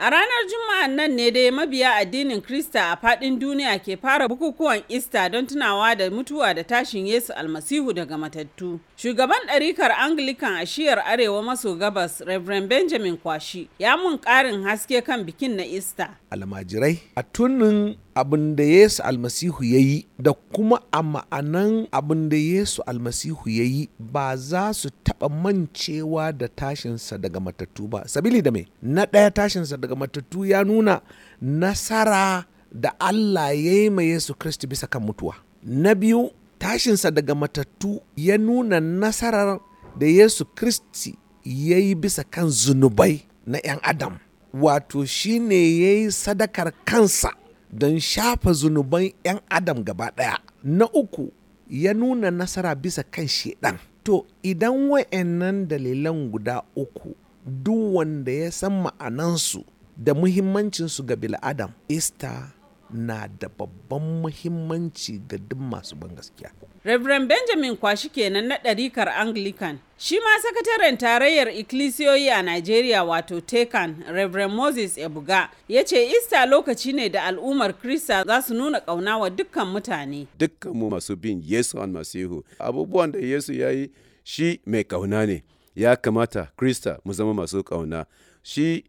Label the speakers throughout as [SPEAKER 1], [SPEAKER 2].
[SPEAKER 1] I don't know juma'an nan ne dai mabiya addinin Krista a faɗin duniya ke fara bukukuwan Ista don tunawa da mutuwa da tashin Yesu almasihu daga matattu. Shugaban ɗarikar Anglican a shiyar Arewa maso gabas, Reverend Benjamin Kwashi, ya mun ƙarin haske kan bikin na Ista.
[SPEAKER 2] Almajirai, a tunin abin da Yesu almasihu ya yi da kuma a ma'anan abin da Yesu almasihu ya yi ba za su taɓa mancewa da tashinsa daga matattu ba. Sabili da me? Na ɗaya tashinsa daga matattu karatu ya nuna nasara da Allah ya yi ma Yesu Kristi bisa kan mutuwa. Na biyu, tashinsa daga matattu ya nuna nasarar da Yesu Kristi ya yi bisa kan zunubai na 'yan Adam. Wato shi ne ya yi sadakar kansa don shafa zunuban 'yan Adam gaba ɗaya. Na uku, ya nuna nasara bisa kan shedan. To, idan wa'annan dalilan guda uku, duk wanda ya san ma'anansu da muhimmancinsu ga bil'adam ista na da babban muhimmanci ga duk masu ban gaskiya.
[SPEAKER 1] Reverend Benjamin Kwashi kenan na ɗarikar Anglican. Shi ma sakataren tarayyar ikkilisiyoyi a Najeriya wato Tekan, Reverend Moses Ebuga, ya ce Ista lokaci ne da al'ummar Krista za su nuna ƙauna wa dukkan mutane.
[SPEAKER 3] Dukkan mu masu bin Yesu an masihu abubuwan da Yesu ya yi shi mai ƙauna ne. Ya kamata Krista mu zama masu ƙauna. Shi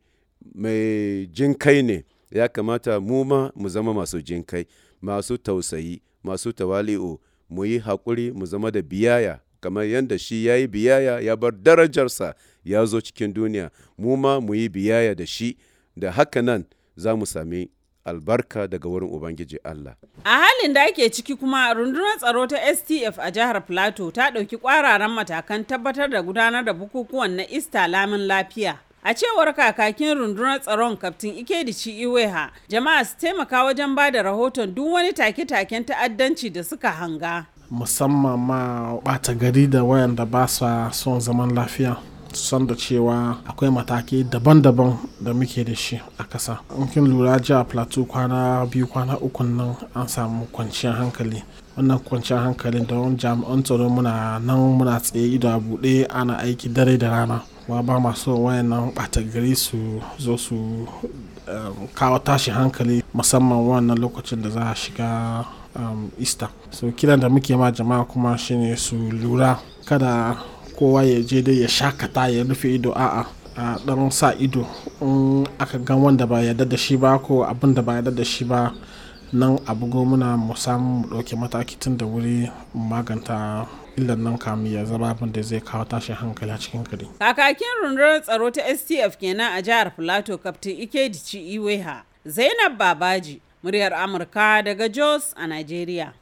[SPEAKER 3] mai jinkai ne ya kamata mu ma mu zama masu jinkai masu tausayi masu tawali'u mu yi haƙuri mu zama da biyaya kamar yadda shi ya yi biyaya ya bar darajarsa ya zo cikin duniya mu ma mu yi biyaya da shi da haka nan za mu sami albarka daga wurin Ubangiji Allah.
[SPEAKER 1] A halin da ake ciki kuma rundunar tsaro ta STF a jihar Plateau ta ɗauki kwararan matakan tabbatar da gudanar da bukukuwan na Ista lamin lafiya. A cewar kakakin rundunar tsaron Kaftin Ikedici Iweha, jama'a su taimaka wajen ba da rahoton duk wani take-taken ta'addanci da suka hanga.
[SPEAKER 4] Musamman ma ɓata gari da wayanda ba sa son zaman lafiya. san da cewa akwai mataki daban-daban da muke da shi a kasa. in kin lura ji a plateau kwana biyu kwana uku nan an samu kwanciyar hankali wannan kwanciyar hankalin wani jami'an tsaro muna nan muna tsaye ido a buɗe ana aiki dare da rana wa ba masu wayannan ɓata gari su zo su um, kawo tashi hankali musamman wannan lokacin da za a shiga um, easter so kiran da muke ma jama'a kuma shine su lura kada kowa ya je dai ya shakata ya rufe ido a'a a dan sa ido in aka ga wanda ba yarda da shi ba ko abin da ba yarda da shi ba nan abu muna mu mu ɗauki mataki tun da wuri maganta illan nan kamun ya zama abin da zai kawo tashin hankali a cikin kare.
[SPEAKER 1] Kakakin rundunar tsaro ta STF kenan a jihar Filato Kaftin Ikedici Iweha, Zainab Babaji, muryar Amurka daga Jos a Najeriya.